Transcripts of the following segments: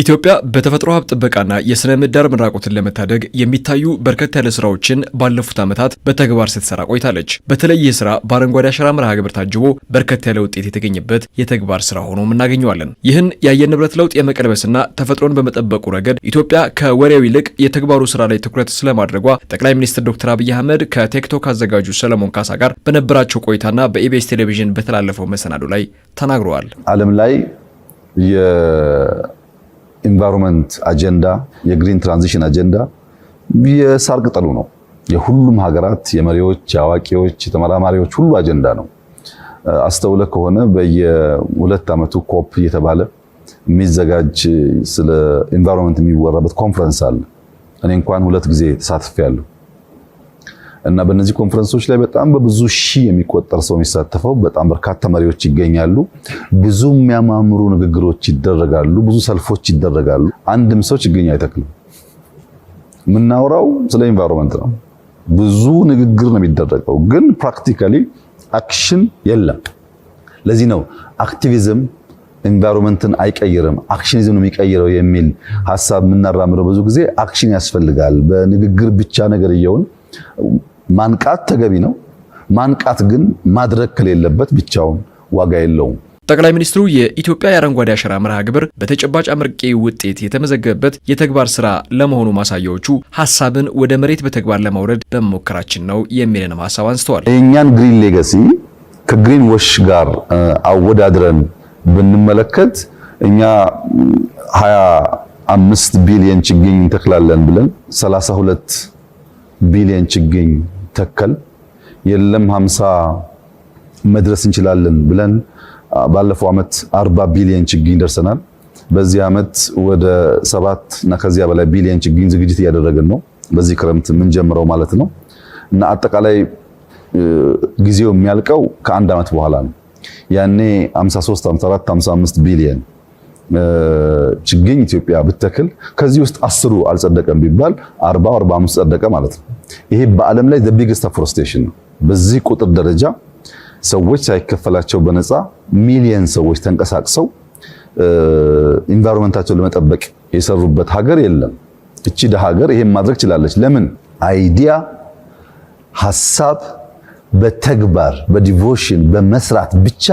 ኢትዮጵያ በተፈጥሮ ሀብት ጥበቃና የስነ ምህዳር መራቆትን ለመታደግ የሚታዩ በርከት ያለ ስራዎችን ባለፉት ዓመታት በተግባር ስትሰራ ቆይታለች። በተለይ ይህ ስራ በአረንጓዴ አሻራ መርሃ ግብር ታጅቦ በርከት ያለ ውጤት የተገኘበት የተግባር ስራ ሆኖ እናገኘዋለን። ይህን የአየር ንብረት ለውጥ የመቀልበስና ተፈጥሮን በመጠበቁ ረገድ ኢትዮጵያ ከወሬው ይልቅ የተግባሩ ስራ ላይ ትኩረት ስለማድረጓ ጠቅላይ ሚኒስትር ዶክተር አብይ አህመድ ከቲክቶክ አዘጋጁ ሰለሞን ካሳ ጋር በነበራቸው ቆይታና በኢቢኤስ ቴሌቪዥን በተላለፈው መሰናዶ ላይ ተናግረዋል። ዓለም ላይ የኢንቫይሮንመንት አጀንዳ፣ የግሪን ትራንዚሽን አጀንዳ የሳር ቅጠሉ ነው። የሁሉም ሀገራት የመሪዎች፣ የአዋቂዎች፣ የተመራማሪዎች ሁሉ አጀንዳ ነው። አስተውለ ከሆነ በየሁለት ዓመቱ ኮፕ እየተባለ የሚዘጋጅ ስለ ኢንቫይሮንመንት የሚወራበት ኮንፈረንስ አለ። እኔ እንኳን ሁለት ጊዜ ተሳትፌያለሁ። እና በእነዚህ ኮንፈረንሶች ላይ በጣም በብዙ ሺህ የሚቆጠር ሰው የሚሳተፈው በጣም በርካታ መሪዎች ይገኛሉ። ብዙ የሚያማምሩ ንግግሮች ይደረጋሉ። ብዙ ሰልፎች ይደረጋሉ። አንድም ሰው ችግኝ አይተክልም። የምናወራው ስለ ኢንቫይሮንመንት ነው። ብዙ ንግግር ነው የሚደረገው፣ ግን ፕራክቲካሊ አክሽን የለም። ለዚህ ነው አክቲቪዝም ኢንቫይሮንመንትን አይቀይርም አክሽኒዝም ነው የሚቀይረው የሚል ሀሳብ የምናራምደው። ብዙ ጊዜ አክሽን ያስፈልጋል። በንግግር ብቻ ነገር እየውን ማንቃት ተገቢ ነው። ማንቃት ግን ማድረግ ከሌለበት ብቻውን ዋጋ የለውም። ጠቅላይ ሚኒስትሩ የኢትዮጵያ የአረንጓዴ አሻራ መርሃ ግብር በተጨባጭ አመርቂ ውጤት የተመዘገበበት የተግባር ስራ ለመሆኑ ማሳያዎቹ ሀሳብን ወደ መሬት በተግባር ለማውረድ በመሞከራችን ነው የሚለንም ሀሳብ አንስተዋል። የእኛን ግሪን ሌገሲ ከግሪን ወሽ ጋር አወዳድረን ብንመለከት እኛ 25 ቢሊዮን ችግኝ እንተክላለን ብለን 32 ቢሊዮን ችግኝ የሚተከል የለም 50 መድረስ እንችላለን ብለን ባለፈው ዓመት 40 ቢሊዮን ችግኝ ደርሰናል። በዚህ ዓመት ወደ ሰባት እና ከዚያ በላይ ቢሊዮን ችግኝ ዝግጅት እያደረግን ነው። በዚህ ክረምት የምንጀምረው ማለት ነው እና አጠቃላይ ጊዜው የሚያልቀው ከአንድ ዓመት በኋላ ነው። ያኔ 53፣ 54፣ 55 ቢሊዮን ችግኝ ኢትዮጵያ ብትተክል ከዚህ ውስጥ አስሩ አልጸደቀም ቢባል 40 45 ጸደቀ ማለት ነው። ይሄ በዓለም ላይ ዘ ቢግስት ነው። በዚህ ቁጥር ደረጃ ሰዎች ሳይከፈላቸው በነፃ ሚሊየን ሰዎች ተንቀሳቅሰው ኢንቫይሮንመንታቸውን ለመጠበቅ የሰሩበት ሀገር የለም። እቺ ደሃ ሀገር ይሄን ማድረግ ችላለች። ለምን? አይዲያ፣ ሀሳብ በተግባር በዲቮሽን በመስራት ብቻ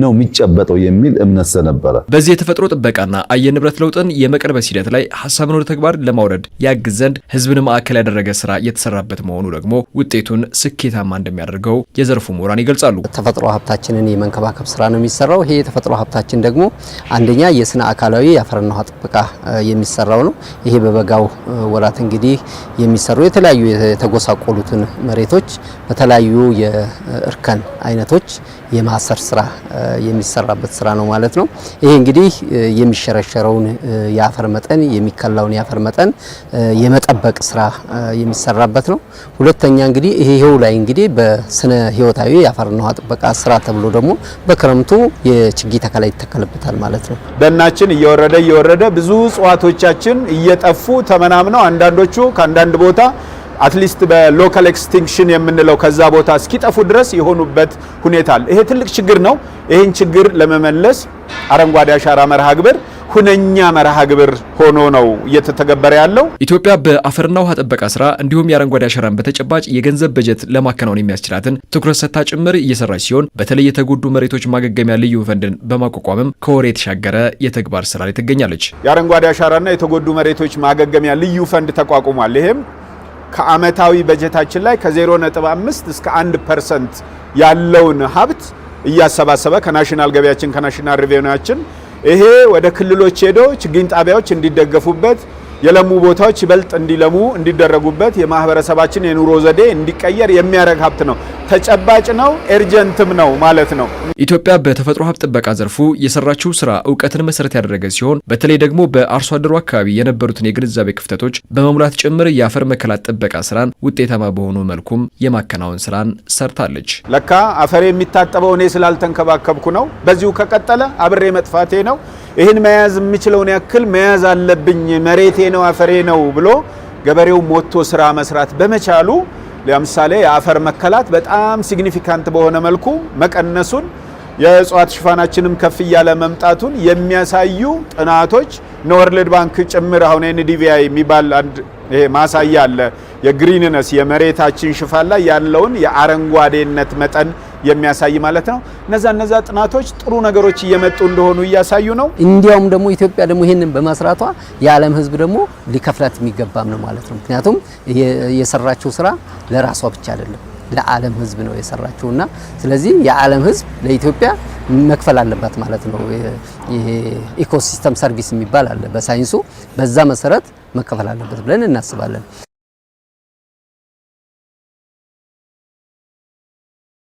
ነው የሚጨበጠው የሚል እምነት ስለነበረ በዚህ የተፈጥሮ ጥበቃና አየር ንብረት ለውጥን የመቀልበስ ሂደት ላይ ሀሳብን ወደ ተግባር ለማውረድ ያግዝ ዘንድ ህዝብን ማዕከል ያደረገ ስራ የተሰራበት መሆኑ ደግሞ ውጤቱን ስኬታማ እንደሚያደርገው የዘርፉ ምሁራን ይገልጻሉ። ተፈጥሮ ሀብታችንን የመንከባከብ ስራ ነው የሚሰራው። ይሄ የተፈጥሮ ሀብታችን ደግሞ አንደኛ የስነ አካላዊ የአፈርና ውሃ ጥበቃ የሚሰራው ነው። ይሄ በበጋው ወራት እንግዲህ የሚሰሩ የተለያዩ የተጎሳቆሉትን መሬቶች በተለያዩ የእርከን አይነቶች የማሰር ስራ የሚሰራበት ስራ ነው ማለት ነው። ይሄ እንግዲህ የሚሸረሸረውን የአፈር መጠን የሚከላውን የአፈር መጠን የመጠበቅ ስራ የሚሰራበት ነው። ሁለተኛ እንግዲህ ይሄው ላይ እንግዲህ በስነ ህይወታዊ የአፈርና ውሃ ጥበቃ ስራ ተብሎ ደግሞ በክረምቱ የችግኝ ተከላ ይተከልበታል ማለት ነው። ደናችን እየወረደ እየወረደ ብዙ እጽዋቶቻችን እየጠፉ ተመናምነው አንዳንዶቹ ከአንዳንድ ቦታ አትሊስት በሎካል ኤክስቲንክሽን የምንለው ከዛ ቦታ እስኪጠፉ ድረስ የሆኑበት ሁኔታ አለ። ይሄ ትልቅ ችግር ነው። ይህን ችግር ለመመለስ አረንጓዴ አሻራ መርሃ ግብር ሁነኛ መርሃ ግብር ሆኖ ነው እየተተገበረ ያለው። ኢትዮጵያ በአፈርና ውሃ ጥበቃ ስራ እንዲሁም የአረንጓዴ አሻራን በተጨባጭ የገንዘብ በጀት ለማከናወን የሚያስችላትን ትኩረት ሰታ ጭምር እየሰራች ሲሆን በተለይ የተጎዱ መሬቶች ማገገሚያ ልዩ ፈንድን በማቋቋምም ከወሬ የተሻገረ የተግባር ስራ ላይ ትገኛለች። የአረንጓዴ አሻራና የተጎዱ መሬቶች ማገገሚያ ልዩ ፈንድ ተቋቁሟል። ይሄም ከአመታዊ በጀታችን ላይ ከ0.5 እስከ 1 ፐርሰንት ያለውን ሀብት እያሰባሰበ ከናሽናል ገቢያችን ከናሽናል ሪቬኒያችን ይሄ ወደ ክልሎች ሄዶ ችግኝ ጣቢያዎች እንዲደገፉበት የለሙ ቦታዎች ይበልጥ እንዲለሙ እንዲደረጉበት የማህበረሰባችን የኑሮ ዘዴ እንዲቀየር የሚያደርግ ሀብት ነው። ተጨባጭ ነው፣ ኤርጀንትም ነው ማለት ነው። ኢትዮጵያ በተፈጥሮ ሀብት ጥበቃ ዘርፉ የሰራችው ስራ እውቀትን መሰረት ያደረገ ሲሆን በተለይ ደግሞ በአርሶ አደሩ አካባቢ የነበሩትን የግንዛቤ ክፍተቶች በመሙላት ጭምር የአፈር መከላት ጥበቃ ስራን ውጤታማ በሆኑ መልኩም የማከናወን ስራን ሰርታለች። ለካ አፈር የሚታጠበው እኔ ስላልተንከባከብኩ ነው፣ በዚሁ ከቀጠለ አብሬ መጥፋቴ ነው ይህን መያዝ የምችለውን ያክል መያዝ አለብኝ፣ መሬቴ ነው አፈሬ ነው ብሎ ገበሬው ሞቶ ስራ መስራት በመቻሉ ለምሳሌ የአፈር መከላት በጣም ሲግኒፊካንት በሆነ መልኩ መቀነሱን የእጽዋት ሽፋናችንም ከፍ እያለ መምጣቱን የሚያሳዩ ጥናቶች ወርልድ ባንክ ጭምር አሁን ኤንዲቪአይ የሚባል አንድ ይሄ ማሳያ አለ የግሪንነስ የመሬታችን ሽፋን ላይ ያለውን የአረንጓዴነት መጠን የሚያሳይ ማለት ነው። እነዛ እነዛ ጥናቶች ጥሩ ነገሮች እየመጡ እንደሆኑ እያሳዩ ነው። እንዲያውም ደግሞ ኢትዮጵያ ደግሞ ይህንን በመስራቷ የዓለም ሕዝብ ደግሞ ሊከፍላት የሚገባም ነው ማለት ነው። ምክንያቱም የሰራችው ስራ ለራሷ ብቻ አይደለም ለዓለም ህዝብ ነው የሰራችውና ስለዚህ የዓለም ህዝብ ለኢትዮጵያ መክፈል አለባት ማለት ነው። ይሄ ኢኮሲስተም ሰርቪስ የሚባል አለ በሳይንሱ በዛ መሰረት መከፈል አለበት ብለን እናስባለን።